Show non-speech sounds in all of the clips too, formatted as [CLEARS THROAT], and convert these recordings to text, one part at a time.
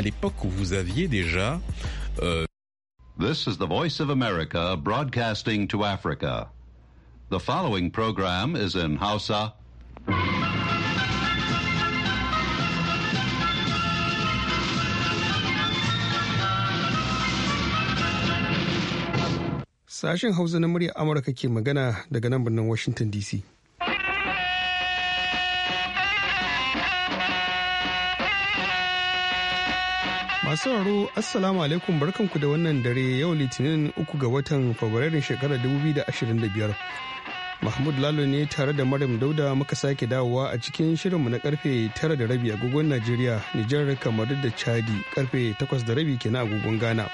à l'époque où vous aviez déjà... Euh This is the voice of America broadcasting to Africa. The following program is in Hausa. Sashen Hausa na murya Amurka ke magana daga nan birnin Washington DC. Masu sauraro Assalamu alaikum barkanku da wannan dare yau Litinin uku ga watan Fabrairun shekarar 2025. Mahmud Lalo ne tare da Maryam Dauda muka sake dawowa a cikin shirinmu na karfe 9 da rabi agogon Najeriya, Nijar, kamar da Chadi karfe 8 da rabi kenan agogon Ghana.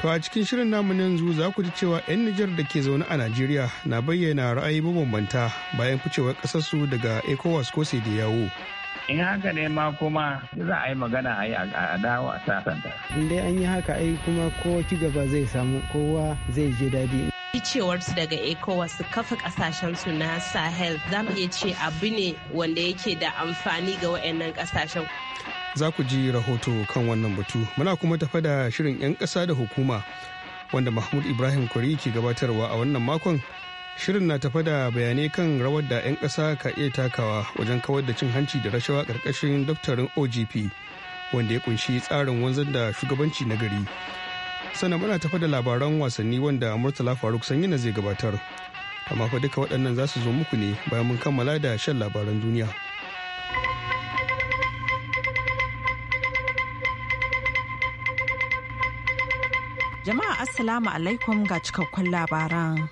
To a cikin shirin namu yanzu za ku ji cewa 'yan Nijar da ke zaune a Najeriya na bayyana ra'ayi mabambanta bayan ficewar ƙasarsu daga ECOWAS ko sai da yawo. in haka ne ma kuma za a yi magana a yi a dawo a sasanta. in dai an yi haka ai kuma kowa ci gaba zai samu kowa zai je daɗi. cewarsu daga ECOWAS su kafa kasashensu na Sahel za mu iya ce abu ne wanda yake da amfani ga waɗannan kasashen. Za ku ji rahoto kan wannan batu. Muna kuma tafa da shirin 'yan ƙasa da hukuma wanda Mahmud Ibrahim Kwari ke gabatarwa a wannan makon shirin na tafa da bayanai kan rawar da 'yan ƙasa ka iya takawa wajen kawar da cin hanci da rashawa ƙarƙashin daftarin ogp wanda ya kunshi tsarin wanzan da shugabanci na gari sannan muna tafa da labaran wasanni wanda murtala faruk sanyina zai gabatar amma fa duka waɗannan za su zo muku ne bayan mun kammala da shan labaran duniya jama'a assalamu alaikum ga cikakkun labaran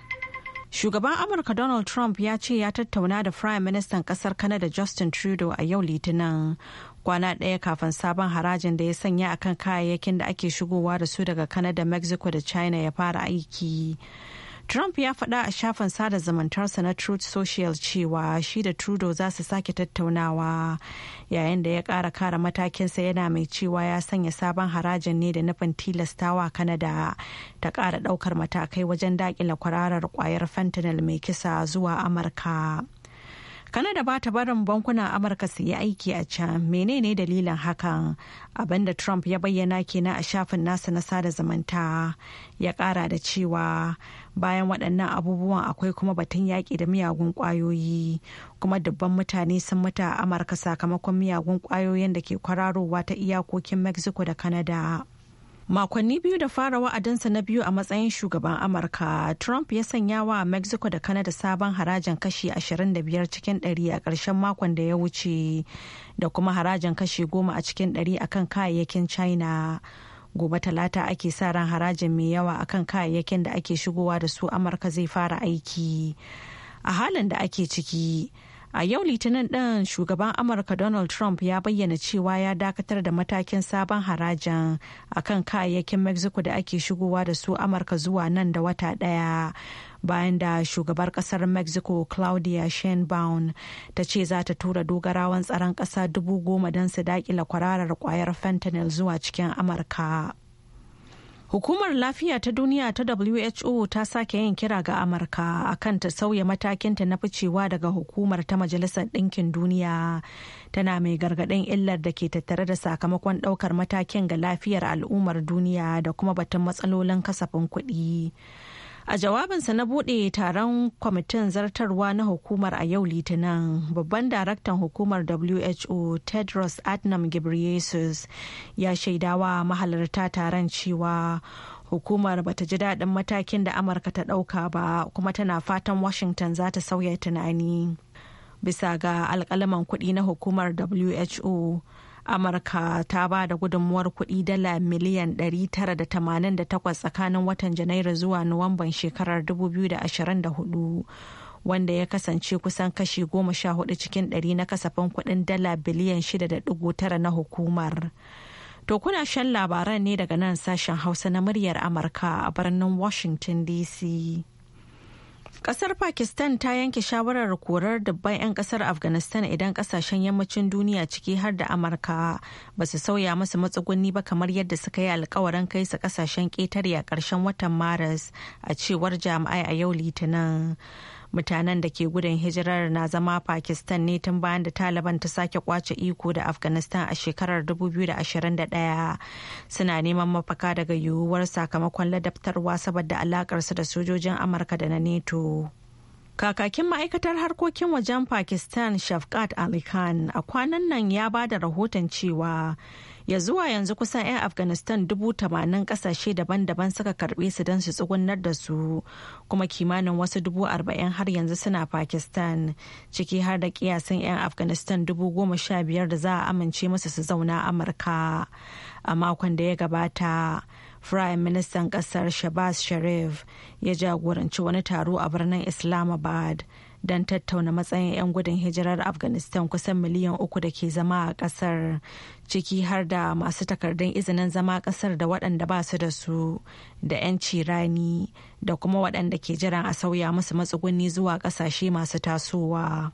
Shugaban Amurka Donald Trump ya ce ya tattauna da Prime Minister kasar Canada Justin Trudeau a yau Litinin kwana ɗaya kafin sabon harajin da ya sanya akan kayayyakin da ake shigowa da su daga kanada Mexico da China ya fara aiki. Trump ya faɗa a shafin sada zumuntarsa na Truth Social cewa shi da Trudeau za su sake tattaunawa yayin da ya ƙara kara matakinsa yana mai cewa ya sanya sabon harajin ne da nufin tilastawa Canada ta ƙara ɗaukar matakai wajen daƙila kwararar ƙwayar fentanyl mai kisa zuwa Amurka. Kanada ba ta barin bankunan Amurka su yi aiki a can menene dalilin hakan abinda Trump ya bayyana kenan a shafin nasa na sada zamanta ya kara da cewa bayan waɗannan abubuwan akwai kuma batun yaƙi da miyagun ƙwayoyi kuma dubban mutane sun mutu a Amurka sakamakon miyagun ƙwayoyin da ke kwararowa ta iyakokin Mexico da Canada. makonni biyu da fara wa'adinsa na biyu a matsayin shugaban amurka trump ya sanya wa mexico da canada sabon harajin kashi 25 cikin 100 a ƙarshen makon da ya wuce da kuma harajin kashi 10 a cikin 100 akan kayayyakin china gobe talata ake sa ran harajin mai yawa akan kayayyakin da ake shigowa da su amurka zai fara aiki a halin da ake ciki A yau Litinin ɗin shugaban Amurka Donald Trump ya bayyana cewa ya dakatar da matakin sabon harajin kan kayayyakin Mexico da ake shigowa da su Amurka zuwa nan da wata ɗaya. Bayan da shugabar kasar Mexico Claudia Sheinbaum ta ce za ta tura dogarawan tsaron ƙasa dubu goma don su daƙila kwararar kwayar fentanyl zuwa cikin Amurka. Hukumar lafiya ta duniya ta WHO ta sake yin kira ga Amurka a kan ta sauya matakinta na ficewa daga hukumar ta Majalisar Ɗinkin Duniya tana mai gargaɗin illar da ke tattare da sakamakon ɗaukar matakin ga lafiyar al'ummar duniya da kuma batun matsalolin kasafin kuɗi. A jawabinsa na buɗe taron kwamitin zartarwa na hukumar a yau Litinin, babban daraktan hukumar WHO Tedros Adnam Ghebreyesus ya shaidawa mahalarta taron cewa hukumar bata ji daɗin matakin da Amurka ta ɗauka ba kuma tana fatan Washington za ta sauya tunani. Bisa ga alkalaman kuɗi na hukumar WHO. amurka ta ba da gudunmuwar kuɗi dala miliyan 988 tsakanin watan janairu zuwa nuwamban shekarar 2024 wanda ya kasance kusan kashi goma sha 14 cikin ɗari na kasafin kuɗin dala biliyan shida da tara na hukumar to kuna shan labaran ne daga nan sashen hausa na muryar amurka a birnin washington dc Kasar Pakistan ta yanke shawarar korar dabban 'yan kasar Afghanistan idan kasashen yammacin duniya ciki har da Amurka ba su sauya masu matsugunni ba kamar yadda suka yi alkawarin kai su kasashen ƙetare a ƙarshen watan Maris a cewar jami'ai a yau Litinin. mutanen da ke gudun hijirar na zama pakistan ne tun bayan da taliban ta sake kwace iko da afghanistan a shekarar 2021 suna neman mafaka daga yiwuwar sakamakon ladabtarwa saboda alakarsu da sojojin amurka da na neto Kakakin ma'aikatar harkokin wajen Pakistan Shafkat Ali Khan a kwanan nan ya ba da rahoton cewa ya zuwa yanzu kusan 'yan afghanistan dubu tamanin kasashe daban-daban suka karbe su don su tsugunar da su kuma kimanin wasu dubu arba'in har yanzu suna pakistan ciki har da kiyasin 'yan afghanistan dubu goma sha biyar da za a amince musu su zauna amurka a makon da ya gabata firayim ministan kasar shabazz sharif ya jagoranci wani taro a birnin islamabad don tattauna matsayin 'yan gudun hijirar afghanistan kusan miliyan uku da ke zama a kasar ciki har da masu takardun izinin zama a kasar da waɗanda ba su da su da 'yanci rani da kuma waɗanda ke jiran a sauya musu matsuguni zuwa ƙasashe masu tasowa.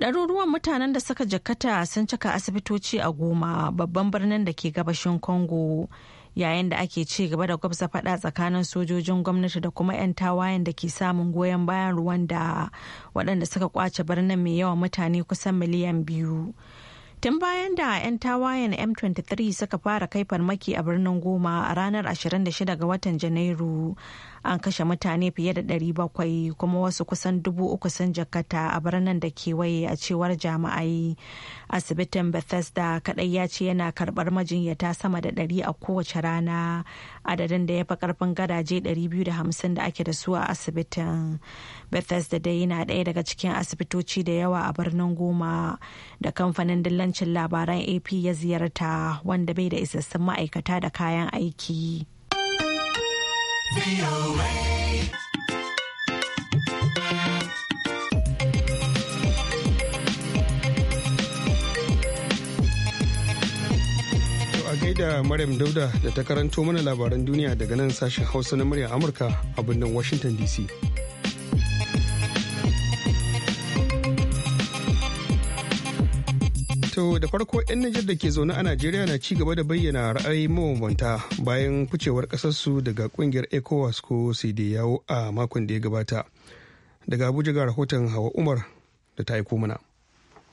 Ɗaruruwan mutanen da suka jakata sun cika asibitoci a goma babban birnin da ke gabashin Congo yayin da ake ci gaba da gwabza fada tsakanin sojojin gwamnati da kuma 'yan tawayen da ke samun goyon bayan Rwanda waɗanda suka kwace birnin mai yawan mutane kusan miliyan biyu. Tun bayan da 'yan tawayen M23 suka fara kai farmaki a birnin Goma a ranar 26 ga watan Janairu, an kashe mutane fiye da 700 kuma wasu kusan dubu uku sun jakata a birnin da kewaye a cewar jama'ai. asibitin bethesda kadai ya ce yana karbar majinyata sama da 100 a kowace rana adadin da ya fi karfin gadaje 250 da ake da su a asibitin bethesda dai yana daya daga cikin asibitoci da yawa a birnin goma da kamfanin dillancin labaran ap ya ziyarta wanda bai da isassun ma'aikata da kayan aiki da Maryam Dauda da ta karanto mana labaran duniya daga nan sashen Hausa na muryar Amurka a birnin Washington DC. To da farko 'yan Nijar da ke zaune a Najeriya na ci gaba da bayyana ra'ayi mabambanta bayan kucewar ƙasarsu daga ƙungiyar ECOWAS ko yawo a makon da ya gabata. Daga Abuja ga rahoton Hawa Umar da ta aiko mana.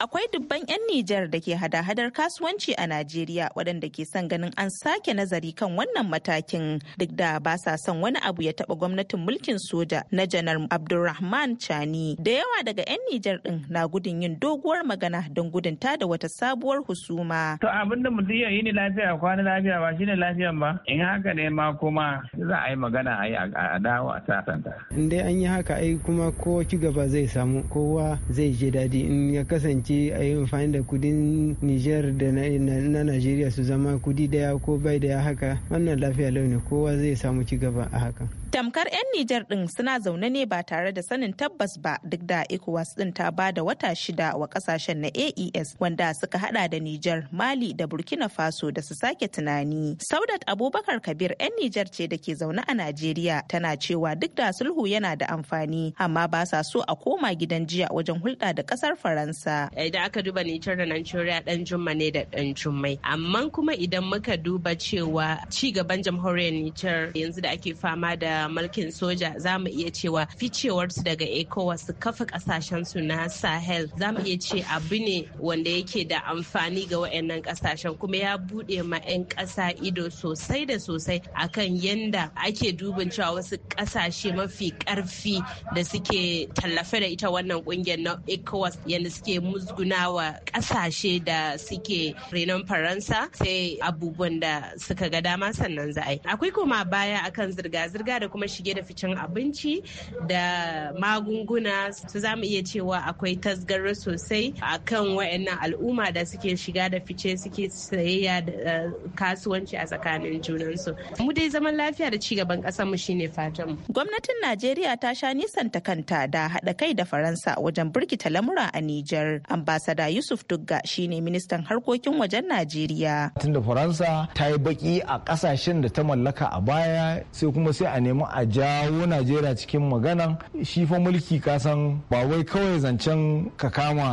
akwai dubban 'yan Nijar da ke hada-hadar kasuwanci a Najeriya waɗanda ke son ganin an sake nazari kan wannan matakin duk da ba sa son wani abu ya taɓa gwamnatin mulkin soja na janar Abdulrahman Chani. Da yawa daga 'yan Nijar ɗin na gudun yin doguwar magana don gudun ta da wata sabuwar husuma. To abin da mutum ya yi ni lafiya kwana lafiya ba shine lafiyan ba. In haka ne ma kuma za a yi magana a yi a dawo a sasanta. In dai an yi haka ai kuma ko ci gaba zai samu kowa zai je dadi in ya kasance ake a yi amfani da kudin Nijar da na Najeriya su zama kudi daya ko bai daya haka wannan lafiya launi kowa zai samu ci gaba a haka. Tamkar 'yan Nijar ɗin suna zaune ne ba tare da sanin tabbas ba duk da ECOWAS ɗin ta ba da wata shida wa kasashen na AES wanda suka hada da Nijar, Mali da Burkina Faso da su sake tunani. Saudat Abubakar Kabir 'yan Nijar ce da ke zaune a Najeriya tana cewa duk da sulhu yana da amfani amma ba sa so a koma gidan jiya wajen hulɗa da ƙasar Faransa. Eh, idan aka duba Nijar da Najeriya dan jumma ne da dan jummai amma kuma idan muka duba cewa ci gaban jamhuriyar Nijar yanzu da ake fama da mulkin soja za mu iya cewa ficewar su daga ECOWAS su kafa kasashen su na Sahel za mu iya ce abu ne wanda yake da amfani ga wayannan kasashen kuma ya bude ma 'yan kasa ido sosai da sosai akan yanda ake dubin cewa wasu kasashe mafi karfi da suke tallafe da ita wannan kungiyar na ECOWAS yanda suke muzu wa ƙasashe da suke renon faransa sai abubuwan da suka ga dama sannan za a yi akwai koma baya akan zirga-zirga da kuma shige da ficen abinci da magunguna su za mu iya cewa akwai tasgaro sosai akan wayannan al'umma da suke shiga da fice suke sayayya da eh, kasuwanci a tsakanin junansu mu dai zaman lafiya da ci gaban ƙasar mu shine fatan gwamnatin najeriya ta sha nisan ta kanta da haɗa kai da faransa wajen birkita lamura a nijar ambasada yusuf dugga shine ministan harkokin wajen najeriya tunda faransa ta yi baki a kasashen da ta mallaka a baya sai kuma sai a nemi a jawo najeriya cikin magana shi fa mulki kasan ba wai kawai zancen ka kama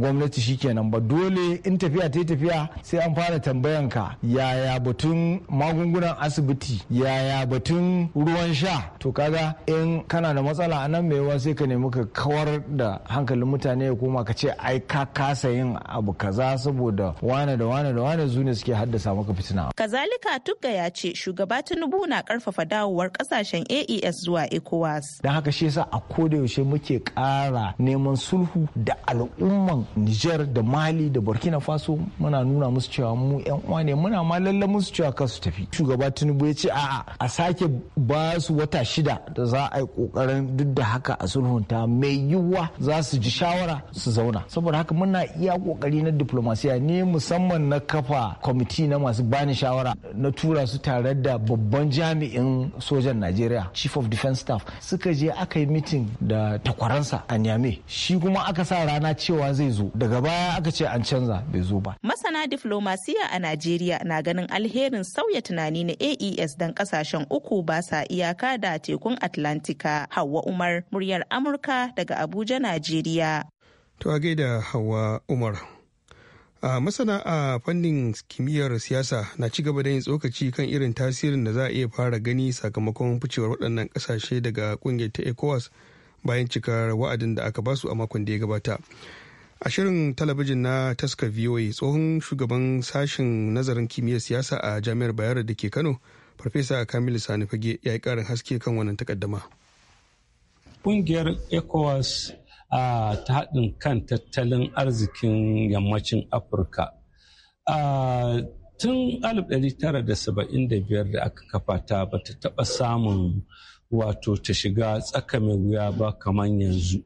gwamnati shikenan ba dole in tafiya ta tafiya sai an fara tambayan ka yaya batun magungunan asibiti yaya batun ruwan sha to kaga in kana da matsala a nan mai sai ka nemi ka kawar da hankalin mutane ya koma ka ce ai ai ka kasa yin abu kaza saboda wane da wane da wane zune suke haddasa maka fitina. Kazalika Tugga ya ce shugaba Tinubu na karfafa dawowar kasashen AES zuwa ECOWAS. Don haka shi yasa a koda yaushe muke kara neman sulhu da al'umman Nijar da Mali da Burkina Faso muna nuna musu cewa mu yan uwa ne muna ma lalle musu cewa kar su tafi. Shugaba Tinubu ya ce a'a a sake ba su wata shida da za a yi kokarin duk da haka a sulhunta mai yiwuwa za su ji shawara su zauna. saboda haka muna iya kokari na diplomasiya ne musamman na kafa kwamiti na masu bani shawara na tura su tare da babban jami'in sojan najeriya chief of defense staff suka je aka yi mitin da takwaransa a niamey shi kuma aka sa rana cewa zai zo daga baya aka ce an canza bai zo ba masana diplomasiya a najeriya na ganin alherin sauya tunani na aes don kasashen uku ba sa iyaka da tekun atlantika hawa umar muryar amurka daga abuja najeriya To a gaida Hawa Umar. A masana a fannin kimiyyar siyasa na ci gaba da yin tsokaci kan irin tasirin da za a iya fara gani sakamakon ficewar waɗannan ƙasashe daga ƙungiyar ta ECOWAS bayan cikar wa'adin da aka basu a makon da ya gabata. A shirin talabijin na taska VOA tsohon shugaban sashen nazarin kimiyyar siyasa a Jami'ar Bayero da ke Kano, Farfesa Kamilu Sani Fage ya yi ƙarin haske kan wannan takaddama. Ƙungiyar ECOWAS ta haɗin kan tattalin arzikin yammacin afirka tun 1975 da aka kafa ta ba ta taɓa samun wato ta shiga tsaka mai wuya ba kamar yanzu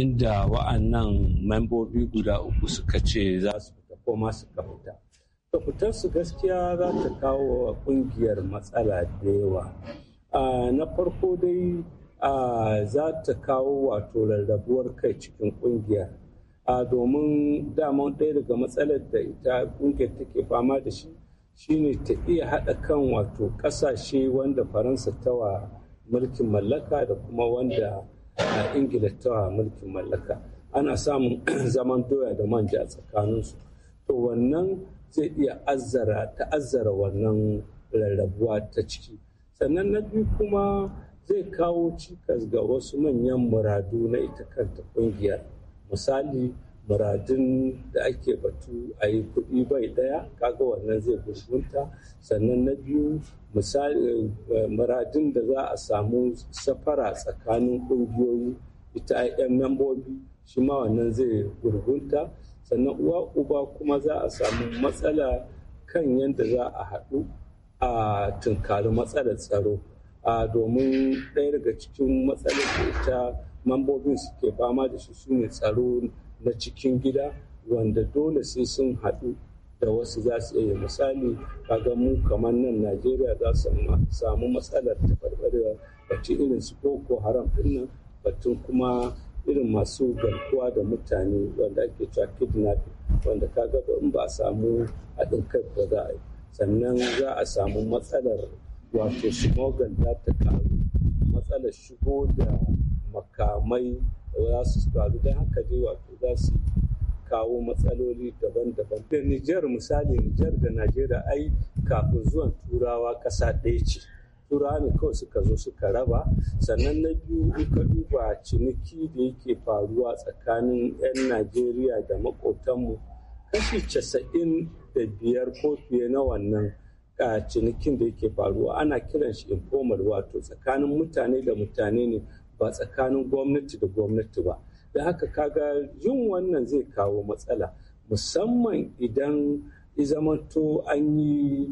inda wa'annan membobi guda uku suka ce za su fita ko ma suka fita to fitarsu gaskiya za ta kawo wa ƙungiyar matsala da yawa na farko dai za ta kawo wato rarrabuwar kai cikin ƙungiyar a domin daman ɗaya daga matsalar da ita ƙungiyar take fama da shi shine ta iya haɗa kan wato ƙasashe wanda faransa tawa mulkin mallaka da kuma wanda ingila tawa mulkin mallaka ana samun [CLEARS THROAT] zaman doya da manja a tsakaninsu to wannan zai iya azzara ta'azzara wannan rarrabuwa ta ciki sannan na biyu kuma zai kawo cikas ga wasu manyan muradu na ita kanta kungiyar misali muradun da ake batu a yi kuɗi bai ɗaya kaga wannan zai gurgunta sannan na biyu muradun da za a samu safara tsakanin ƙungiyoyi ita yan membobi shi ma wannan zai gurgunta sannan uwa uba kuma za a samu matsala kan yadda za a haɗu a tunkari matsalar tsaro domin ɗaya daga cikin matsalar da ita mambobin suke fama da shi sune tsaro na cikin gida wanda dole sai sun haɗu da wasu za su iya misali kaga mu kamar nan najeriya za su samu matsalar farfarewa batun irin su boko haram dinnan batun kuma irin masu garkuwa da mutane wanda ake cewa kidnapping wanda kaga in ba a samu haɗin kai ba za a yi sannan za a samu matsalar wato smogon za ta karu matsalar shigo da makamai za su faru don haka dai wato za su kawo matsaloli daban-daban da Nijar misali Nijar da Najeriya ai kafin zuwan turawa ƙasa ɗaya ce turawa ne kawai suka zo suka raba sannan na biyu in duba ciniki da yake faruwa tsakanin 'yan Najeriya da maƙotanmu kashi casa'in da biyar ko fiye na wannan cinikin da yake faruwa ana kiran shi informal wato tsakanin mutane da mutane ne ba tsakanin gwamnati da gwamnati ba da haka kaga yin wannan zai kawo matsala musamman idan izamanto an yi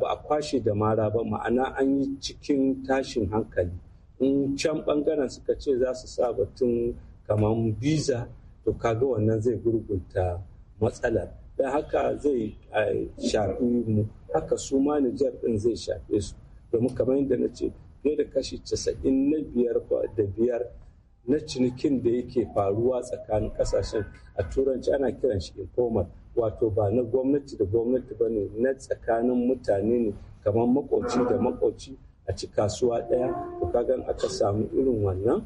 ba a kwashe da mara ba ma'ana an yi cikin tashin hankali in can bangaren suka ce za su sa batun kamar biza to kaga wannan zai gurgunta matsalar da haka zai shafi mu haka su ma Nijar ɗin zai shafe su domin kamar yadda na ce fiye da kashi casa'in na biyar da biyar na cinikin da yake faruwa tsakanin kasashen a turanci ana kiran shi informal wato ba na gwamnati da gwamnati ba ne na tsakanin mutane ne kamar makoci da makoci a ci kasuwa ɗaya to kagan aka samu irin wannan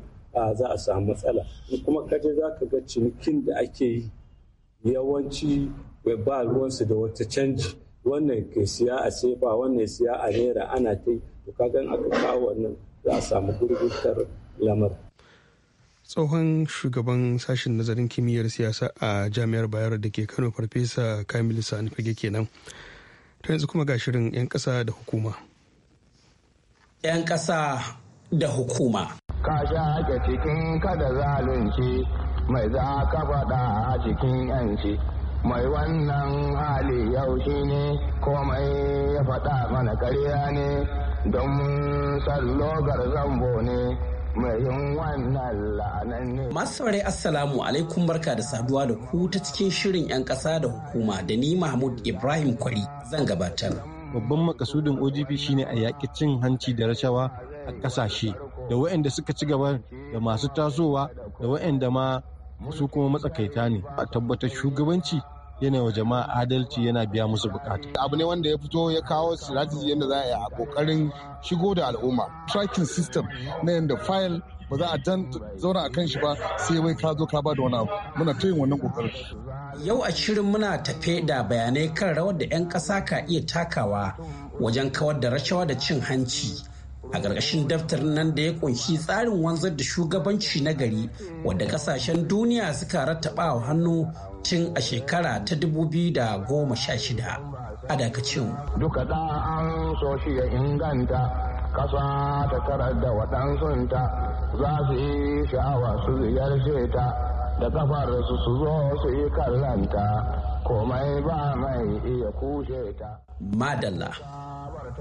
za a samu matsala in kuma kaje zaka ga cinikin da ake yi yawanci ba ruwansu da wata canji wannan ke siya a sefa wannan siya a naira ana ta yi kagan aka kawo wannan za a samu gurgurtar lamar tsohon shugaban sashen nazarin kimiyyar siyasa a jami'ar bayar da ke kano farfesa kamil sani fage kenan ta yanzu kuma ga shirin 'yan kasa da hukuma 'yan kasa da hukuma ka sha cikin kada zalunci mai za ka faɗa a cikin 'yanci mai wannan hali yau shi ne komai ya faɗa mana karya ne don sallogar zambo ne Masu saurari Assalamu alaikum barka da saduwa da ku ta cikin shirin 'yan ƙasa da hukuma da ni Mahmud Ibrahim Kwari zan gabatar. Babban makasudin OGP shine a yaƙi cin hanci da rashawa a ƙasashe da waɗanda suka ci gaba da masu tasowa da waɗanda ma su kuma matsakaita ne a tabbatar shugabanci yana wa jama'a adalci yana biya musu bukata. Abu ne wanda ya fito ya kawo strategy yadda za a yi a kokarin shigo da al'umma. Tracking system na yadda file ba za a jan zauna a kan shi ba sai wai ka zo ka ba da wani abu. Muna ta yin wannan kokarin. Yau a shirin muna tafe da bayanai kan rawar da 'yan ƙasa ka iya takawa wajen kawar da rashawa da cin hanci a ƙarƙashin daftarin nan da ya kunshi tsarin wanzar da shugabanci na gari wadda ƙasashen duniya suka rattaba wa hannu tun a shekara ta 2016 a dakacin duka da an so shi ya inganta ƙasa ta karar da waɗansunta za su yi sha'awa su ziyarce ta da kafar su su zo su yi kallanta komai ba mai iya kushe ta. Madalla.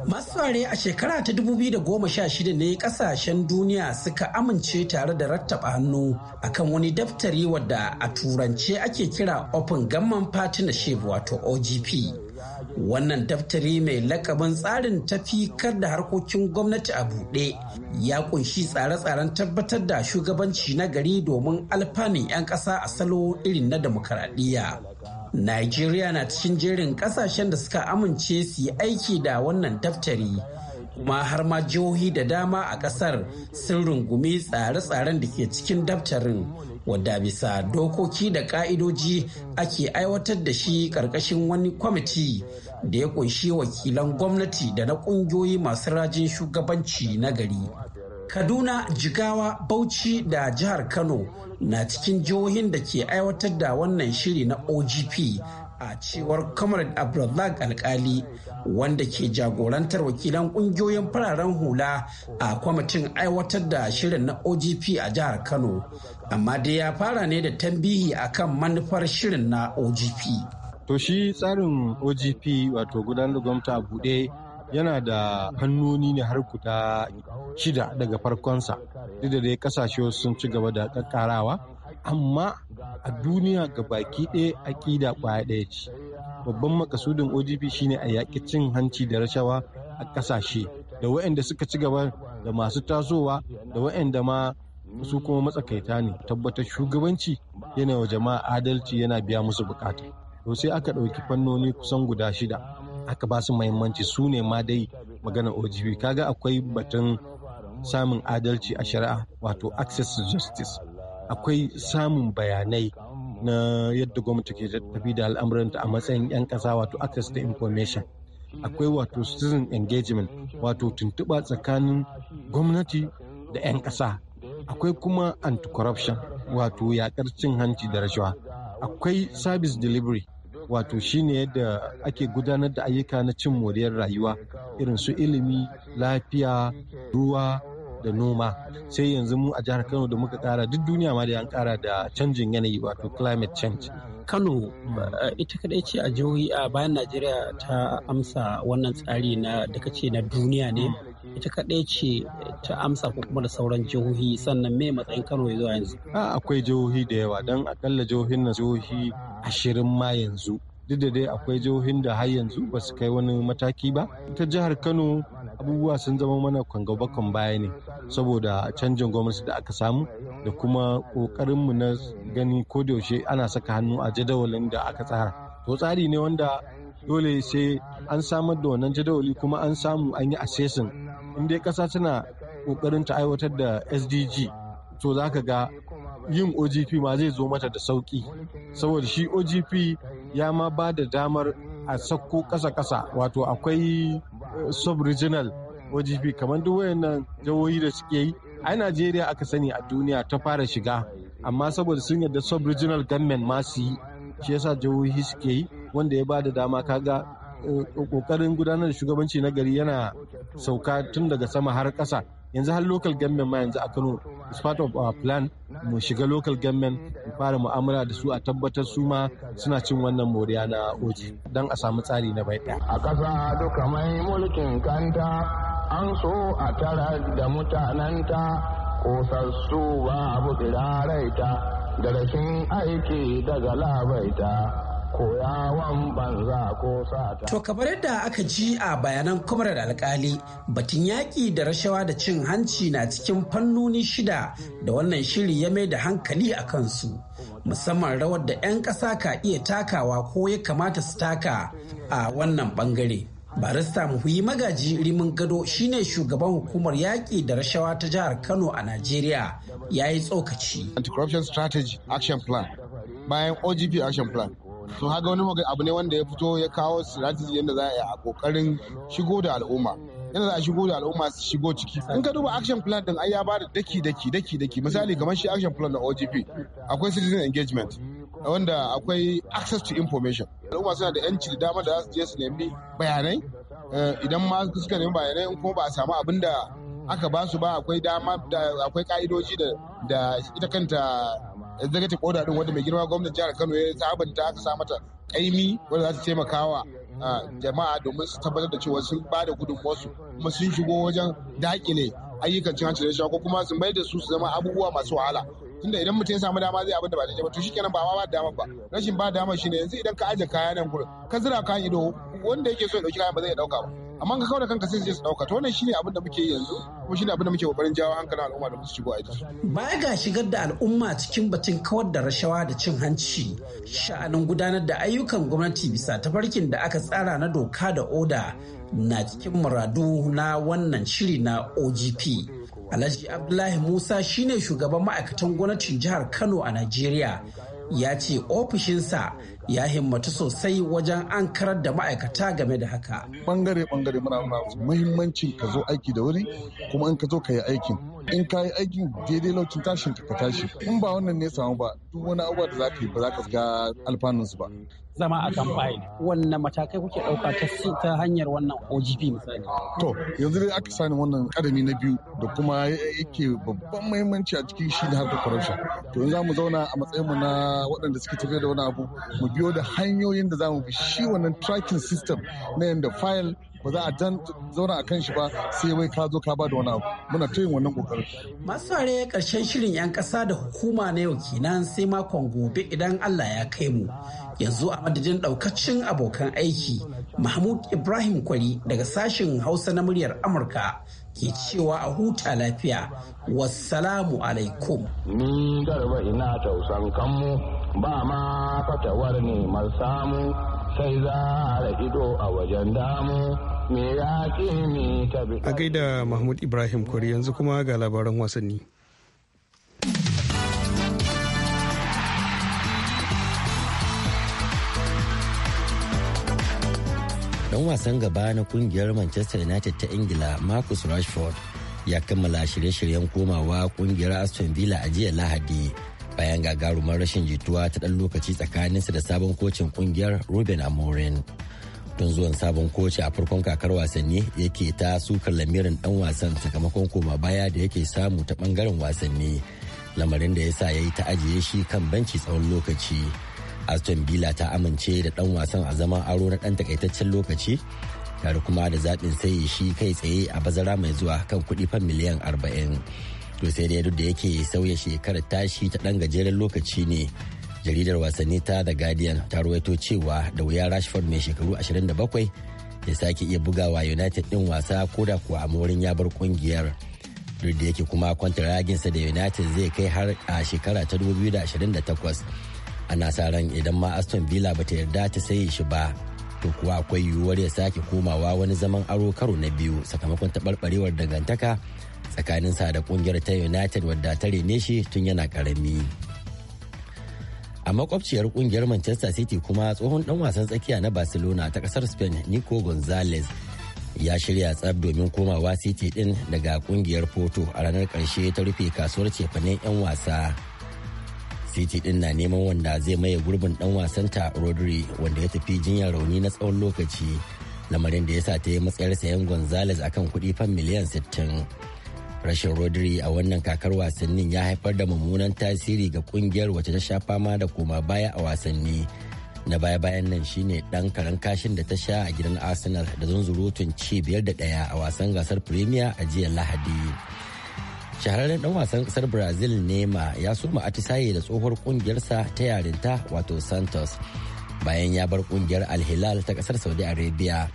Masu ware a shekara ta 2016 ne kasashen duniya suka amince tare da rattaba hannu akan wani daftari wadda a turance ake kira Open Gamman Partnership wato OGP. Wannan daftari mai lakabin tsarin tafikar da harkokin gwamnati a buɗe ya kunshi tsare-tsaren tabbatar da shugabanci na gari domin alfanun 'yan ƙasa a salo irin na demokaradiyya. Nigeria na cikin jerin kasashen da suka amince su yi aiki da wannan daftari. kuma har ma jihohi da dama a kasar sun rungumi tsare-tsaren da ke cikin daftarin wadda bisa dokoki da ka'idoji ake aiwatar da shi karkashin wani kwamiti da ya kunshi wakilan gwamnati da na kungiyoyi masu rajin shugabanci na gari Kaduna, Jigawa, Bauchi da jihar Kano na cikin jihohin da ke aiwatar da wannan shiri na OGP a cewar Comrade Abdullah Alkali wanda ke jagorantar wakilan kungiyoyin fararen hula a kwamitin aiwatar da shirin na OGP a jihar Kano. Amma dai ya fara ne da tambihi a kan manufar shirin na OGP. To shi tsarin OGP wato gudanar da gwamnati a buɗe yana da hannuni ne har guda shida daga farkonsa duk da dai kasashe sun ci gaba da kakkarawa amma a duniya ga baki ɗaya aƙida ƙwaya ɗaya ce babban makasudin ogp shine a yaƙi cin hanci da rashawa a ƙasashe da waɗanda suka ci gaba da masu tasowa da waɗanda ma su kuma matsakaita ne tabbatar shugabanci yana wa jama'a adalci yana biya musu bukata to sai aka ɗauki fannoni kusan guda shida aka ba su mahimmanci su ne ma dai magana ogb kaga akwai batun samun adalci a shari'a wato access to justice akwai samun bayanai na yadda gwamnati ke tafi da al'amuranta a matsayin 'yan ƙasa wato access to information akwai wato citizen engagement wato tuntuɓa tsakanin gwamnati da 'yan ƙasa akwai kuma anti-corruption wato yaƙar cin hanci da rashawa akwai service delivery wato shine yadda ake gudanar da ayyuka na cin moriyar rayuwa irin su ilimi lafiya ruwa da noma sai yanzu mu a jihar kano da muka kara duk duniya ma da an kara da canjin yanayi wato climate change kano eh, ita kadai ce a jihohi a bayan najeriya ta amsa wannan tsari na da kace na duniya ne ita kadai ce ta amsa ko kuma da sauran jihohi sannan me matsayin kano ya zuwa yanzu akwai jihohi da yawa don akalla jihohin nan jihohi ashirin ma yanzu duk da dai akwai jihohin da har yanzu ba su kai wani mataki ba ta jihar kano abubuwa sun zama mana kwangabakon baya ne saboda canjin gwamnati da aka samu da kuma ƙoƙarinmu na gani ko da yaushe ana saka hannu a jadawalin da aka tsara to tsari ne wanda dole sai an samar da wannan jadawali kuma an samu an yi assessin in dai ƙasa tana ƙoƙarin ta aiwatar da sdg to za ka ga yin ogp ma zai zo mata da sauki saboda shi ogp ya ma ba da damar a sakko kasa ƙasa wato akwai eh, sub-regional ogp kamar duk wayannan jawoyi da suke yi a najeriya aka sani a duniya ta fara shiga amma saboda sun yadda sub-regional government ma yi shi yasa jawoyi suke yi wanda ya ba da dama kaga kokarin eh, gudanar da shugabanci na gari yana sauka tun daga sama har kasa yanzu har local government ma yanzu a Kano is part of our plan mu shiga local government mu fara mu'amala da su a tabbatar su ma suna cin wannan moriya na oji don a samu tsari na bai a ƙasa duka mai mulkin kanta an so a tara da mutananta kosassu ba abu ta da rashin aiki daga labaita banza ko sata. To kamar yadda aka ji a bayanan da alkali batun yaƙi da rashawa da cin hanci na cikin fannoni shida da wannan shiri ya mai da hankali a kansu. Musamman rawar da 'yan ƙasa ka iya takawa ko ya kamata su taka a wannan ɓangare. Barista Muhuyi Magaji Rimin Gado shine shugaban hukumar yaƙi da rashawa ta jihar Kano a Najeriya ya yi tsokaci. Anti-Corruption Strategy Action Plan bayan OGP Action Plan to haka wani abu ne wanda ya fito ya kawo strategy yadda za a yi a kokarin shigo da al'umma yadda za a shigo da al'umma su shigo ciki in ka duba action plan din ai ya bada daki daki daki daki misali kamar shi action plan da OGP akwai citizen engagement wanda akwai access to information al'umma suna da yanci da dama da za su je su nemi bayanai eh, idan ma suka nemi bayanai in kuma ba a samu abin da aka ba su ba akwai dama akwai ka'idoji da ita kanta executive koda din wanda mai girma gwamnatin jihar Kano ya sabanta aka sa mata kaimi wanda za su taimakawa ah, jama'a domin su tabbatar da cewa sun ba da gudunmuwarsu kuma sun shigo wajen dakile ayyukan cin hanci da rashawa kuma su mai da su su zama abubuwa masu wahala tunda idan mutum ya samu dama zai abin da ba daidai ba to shikenan ba ma ba dama ba rashin ba dama shine yanzu idan ka aje kaya nan gurin ka zira kayan ido wanda yake so ya dauki kayan ba zai dauka ba amma ka kawo da kanka sai su dauka to wannan shine abin da muke yi yanzu kuma shine abin da muke kokarin jawo hankalin al'umma da musu shigo a su baya ga shigar da al'umma cikin batun kawar da rashawa da cin hanci sha'anin gudanar da ayyukan gwamnati bisa tafarkin da aka tsara na doka da oda na cikin muradu na wannan shiri na OGP Alhaji Abdullahi Musa shine shugaban ma'aikatan gwamnatin jihar Kano a Najeriya ya ce ofishinsa ya himmatu sosai wajen an karar da ma'aikata game da haka. Bangare bangare muna muhimmancin ka zo aiki da wuri kuma in ka zo ka yi aikin. In ka yi aikin daidai lokacin tashin ka tashi. In ba wannan ne samu ba duk wani abubuwa da za ka yi ba za ka ga alfanunsu ba. zama a kamfani wannan matakai kuke ɗauka ta hanyar wannan ogp misali to yanzu dai aka sani wannan kadami na biyu da kuma yake babban mahimmanci a cikin shi da harkar corruption to yanzu za mu zauna a matsayin mu na waɗanda suke tafiya da wani abu mu biyo da hanyoyin da za mu bi shi wannan tracking system na yanda file ba za a zauna a kan shi ba sai wai ka zo ka ba da wani abu muna ta yin wannan kokarin. masu are karshen shirin 'yan kasa da hukuma na yau kenan sai makon gobe idan allah ya kai mu yanzu a madadin daukacin abokan aiki mahmud ibrahim kwari daga sashen hausa na muryar amurka ke cewa a huta lafiya wassalamu alaikum ni garba ina tausan kanmu ba ma fatawar neman samu sai za a ido a wajen damu me ya ke a gaida mahmud ibrahim kuri yanzu kuma ga labaran wasanni dan wasan gaba na kungiyar manchester united ta ingila marcus rashford ya kammala shirye-shiryen komawa kungiyar aston villa a jiya lahadi bayan gagarumar rashin jituwa ta dan lokaci tsakaninsa da sabon kocin kungiyar ruben amorin tun zuwan sabon koci a farkon kakar wasanni yake ta sukar lamirin dan wasan sakamakon koma baya da yake samu ta bangaren wasanni lamarin da ya sa ya yi ta ajiye shi kan benci tsawon lokaci aston villa ta amince da dan wasan a zaman aro na dan takaitaccen lokaci tare kuma da zaɓin sai shi kai tsaye a bazara mai zuwa kan kuɗi fan miliyan 40 to sai dai duk da yake sauya shekarar tashi ta ɗan gajeren lokaci ne jaridar wasanni ta the guardian ta ruwaito cewa da wuya rashford mai shekaru 27 ya sake iya bugawa united ɗin wasa ko da kuwa amorin ya bar kungiyar duk da yake kuma raginsa da united zai kai har a shekara ta 2028 ana sa ran idan ma aston villa bata yarda ta saye shi ba to kuwa akwai yiwuwar ya sake komawa wani zaman aro karo na biyu sakamakon taɓarɓarewar dangantaka tsakanin sa da kungiyar ta united wadda ta rene shi tun yana karami a makwabciyar kungiyar manchester city kuma tsohon dan wasan tsakiya na barcelona ta kasar spain nico gonzalez ya shirya tsab domin komawa city din daga kungiyar porto a ranar karshe ta rufe kasuwar cefanen 'yan wasa city din na neman wanda zai maye gurbin dan wasan ta rodri wanda ya tafi jinya rauni na tsawon lokaci lamarin da ya sa ta yi matsayar sayan gonzales akan kuɗi fan miliyan 60 rashin rodri a wannan kakar wasannin ya haifar da mummunan tasiri ga kungiyar wacce ta sha fama da koma baya a wasanni na baya-bayan nan shine dan karan kashin da ta sha a gidan arsenal da zunzurutun ci biyar da daya a wasan gasar premier a jiya lahadi shahararren dan wasan kasar brazil nema ya soma atisaye da tsohuwar kungiyarsa ta yarinta wato santos bayan ya bar kungiyar alhilal ta kasar saudi arabia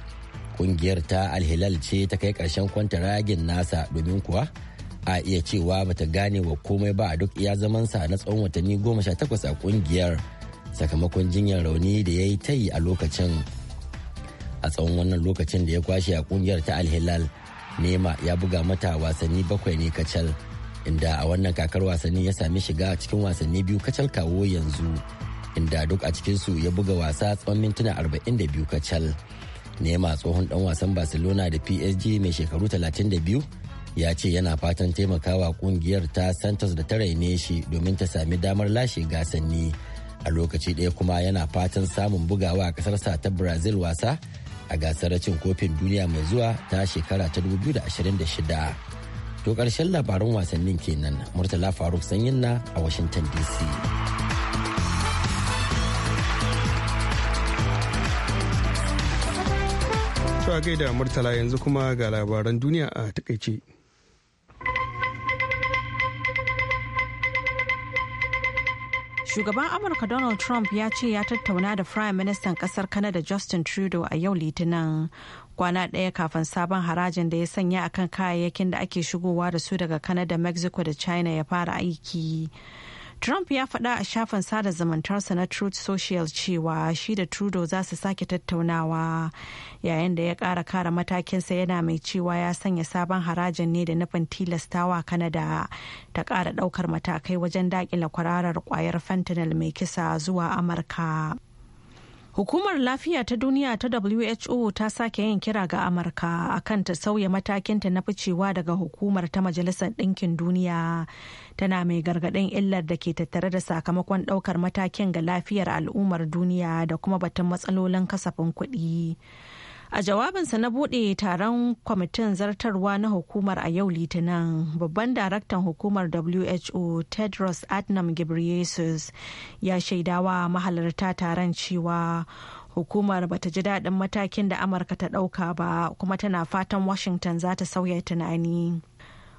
kungiyar ta alhilal ce ta kai karshen kwanta ragin nasa domin kuwa a iya cewa bata gane wa komai ba a duk iya zamansa na tsawon watanni goma sha takwas a kungiyar sakamakon jinyar rauni da ya yi ta yi a lokacin a tsawon wannan lokacin da ya kwashe a kungiyar ta alhilal nema ya buga mata wasanni bakwai ne kacal inda a wannan kakar wasanni ya sami shiga cikin wasanni biyu kacal kawo yanzu inda duk a cikinsu ya buga wasa tsawon mintuna 42 kacal nema tsohon dan wasan barcelona da psg mai shekaru 32 ya ce yana fatan taimakawa kungiyar ta santos da ta raine shi domin ta sami damar lashe gasanni a lokaci ɗaya kuma yana fatan samun bugawa a ƙasarsa ta brazil wasa a gasar cin kofin duniya mai zuwa ta shekara ta 2026 to ƙarshen labarin wasannin kenan murtala faruk sanyin na a washington dc to a gaida murtala yanzu kuma ga labaran duniya a takaice Shugaban Amurka Donald Trump ya ce ya tattauna da Prime Minister kasar kanada Justin Trudeau a yau Litinin kwana ɗaya kafin sabon harajin da ya sanya akan kayayyakin da ake shigowa da su daga kanada Mexico da China ya fara aiki. Trump ya faɗa a shafin sada zumuntarsa na Truth Social cewa shi da Trudeau za su sake tattaunawa yayin da ya ƙara kara matakinsa yana mai cewa ya sanya sabon harajin ne da nufin tilastawa Canada ta ƙara ɗaukar matakai wajen daƙila kwararar kwayar fentanyl mai kisa zuwa Amurka. Hukumar lafiya ta duniya ta WHO ta sake yin kira ga Amurka a kan ta sauya matakinta na ficewa daga hukumar ta Majalisar Ɗinkin Duniya tana mai gargaɗin illar da ke tattare da sakamakon ɗaukar matakin ga lafiyar al'ummar duniya da kuma batun matsalolin kasafin kuɗi. A jawabinsa na buɗe taron kwamitin zartarwa na hukumar a yau Litinin, babban daraktan hukumar WHO Tedros Adnam Ghebreyesus ya shaidawa mahalarta taron cewa hukumar bata ji daɗin matakin da Amurka ta ɗauka ba kuma tana fatan Washington za ta sauya tunani.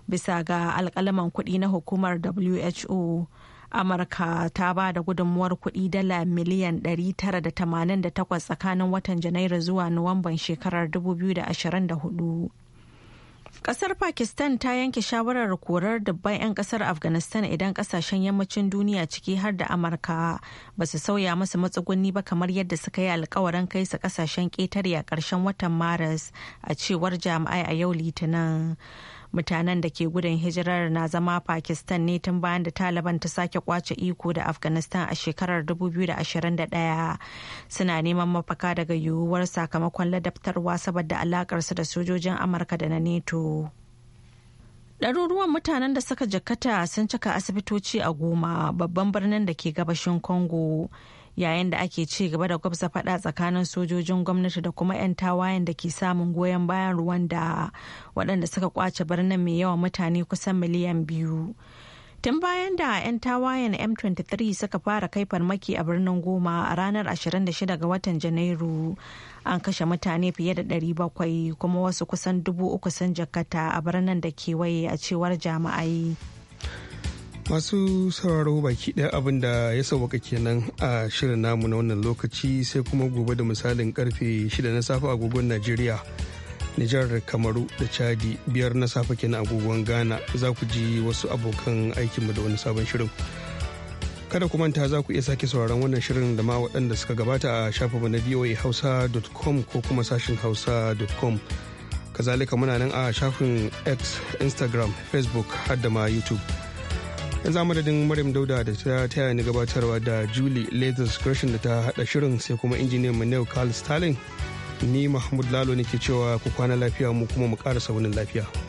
Bisa ga alkalaman kuɗi na hukumar WHO. amurka ta ba da gudunmuwar kuɗi dala miliyan 988 tsakanin watan janairu zuwa nuwamban shekarar 2024 Kasar Pakistan ta yanke shawarar korar dubban 'yan kasar Afghanistan idan kasashen yammacin duniya ciki har da Amurka ba su sauya masu matsugunni ba kamar yadda suka yi alkawarin kai su kasashen ƙetare a ƙarshen watan Maris a cewar jami'ai a yau Litinin. mutanen da ke gudun hijirar na zama pakistan ne tun bayan da taliban ta sake kwace iko da afghanistan a shekarar 2021 suna neman mafaka daga yiwuwar sakamakon ladabtarwa saboda alakarsu da sojojin amurka da na neto ɗaruruwan mutanen da suka jakata sun cika asibitoci a goma babban birnin da ke gabashin congo yayin da ake ci gaba da gwabza fada tsakanin sojojin gwamnati da kuma 'yan tawayen da ke samun goyon bayan Rwanda waɗanda suka kwace birnin mai yawan mutane kusan miliyan biyu. Tun bayan da 'yan tawayen M23 suka fara kai farmaki a birnin Goma a ranar 26 ga watan Janairu an kashe mutane fiye da 700 kuma wasu kusan dubu uku sun jakata a birnin da kewaye a cewar jama'ai. masu sauraro baki ɗaya abin da ya sauwaka kenan a shirin namu na wannan lokaci sai kuma gobe da misalin karfe shida na safe agogon najeriya nijar kamaru da chadi biyar na safe kenan agogon ghana za ku ji wasu abokan aikinmu da wani sabon shirin kada ku manta za ku iya sake sauraron wannan shirin da ma waɗanda suka gabata a shafinmu na voahausa.com ko kuma sashin hausa.com kazalika muna nan a shafin x instagram facebook har da ma youtube yanzu madadin maryam dauda da ta taya ni gabatarwa da julie lathers gershon da ta hada shirin sai kuma injiniyan maneo carl stalin ni mahmud lalo ne ke cewa ku kwana lafiya mu kuma mu ƙara saunin lafiya